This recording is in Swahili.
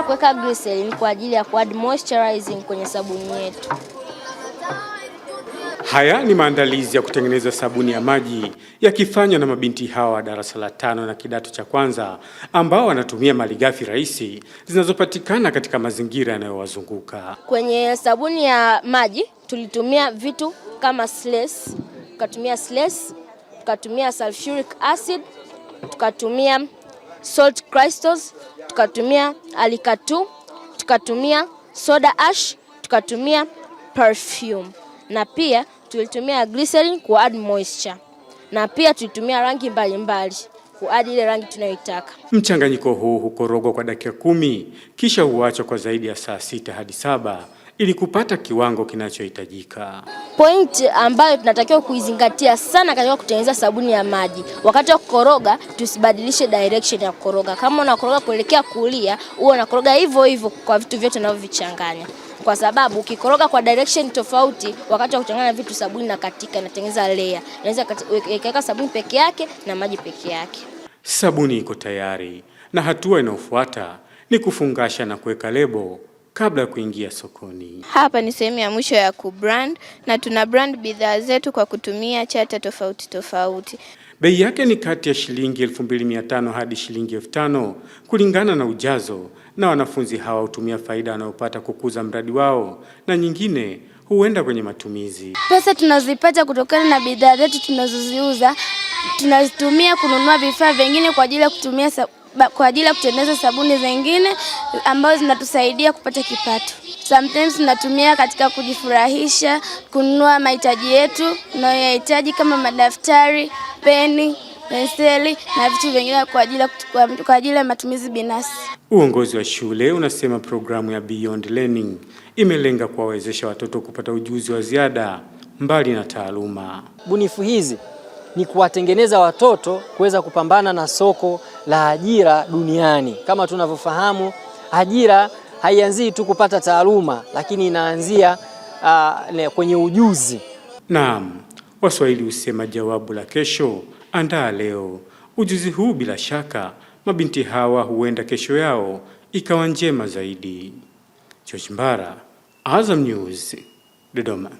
Tunataka kuweka glycerin kwa ajili ya kuadd moisturizing kwenye sabuni yetu. Haya ni maandalizi ya kutengeneza sabuni ya maji yakifanywa na mabinti hawa wa darasa la tano na kidato cha kwanza ambao wanatumia malighafi rahisi zinazopatikana katika mazingira yanayowazunguka. Kwenye sabuni ya maji tulitumia vitu kama sless, tukatumia sless, tukatumia sulfuric acid, tukatumia salt crystals tukatumia alikatu, tukatumia soda ash, tukatumia perfume na pia tulitumia glycerin ku add moisture na pia tulitumia rangi mbalimbali kuadi ile rangi tunayoitaka. Mchanganyiko huu hukorogwa kwa dakika kumi kisha huachwa kwa zaidi ya saa sita hadi saba ili kupata kiwango kinachohitajika. Point ambayo tunatakiwa kuizingatia sana katika kutengeneza sabuni ya maji, wakati wa kukoroga tusibadilishe direction ya kukoroga. Kama unakoroga kuelekea kulia, huwa unakoroga hivyo hivyo kwa vitu vyote unavyovichanganya, kwa sababu ukikoroga kwa direction tofauti wakati wa kuchanganya vitu, sabuni na katika inatengeneza layer, inaweza ikaweka sabuni peke yake na maji peke yake. Sabuni iko tayari na hatua inayofuata ni kufungasha na kuweka lebo kabla ya kuingia sokoni. Hapa ni sehemu ya mwisho ya kubrand na tuna brand bidhaa zetu kwa kutumia chata tofauti tofauti. Bei yake ni kati ya shilingi 2500 hadi shilingi 5000 kulingana na ujazo, na wanafunzi hawa hutumia faida wanayopata kukuza mradi wao na nyingine huenda kwenye matumizi. Pesa tunazipata kutokana na bidhaa zetu tunazoziuza tunazitumia kununua vifaa vingine kwa ajili ya kutumia kwa ajili ya kutengeneza sabuni zingine ambazo zinatusaidia kupata kipato. Sometimes tunatumia katika kujifurahisha, kununua mahitaji yetu tunayohitaji kama madaftari, peni, penseli na vitu vingine kwa ajili kwa ajili ya matumizi binafsi. Uongozi wa shule unasema programu ya Beyond Learning imelenga kuwawezesha watoto kupata ujuzi wa ziada mbali na taaluma. Bunifu hizi ni kuwatengeneza watoto kuweza kupambana na soko la ajira duniani. Kama tunavyofahamu, ajira haianzii tu kupata taaluma, lakini inaanzia uh, kwenye ujuzi. Naam, Waswahili husema jawabu la kesho andaa leo. Ujuzi huu bila shaka mabinti hawa huenda kesho yao ikawa njema zaidi. George Mbara, Azam News, Dodoma.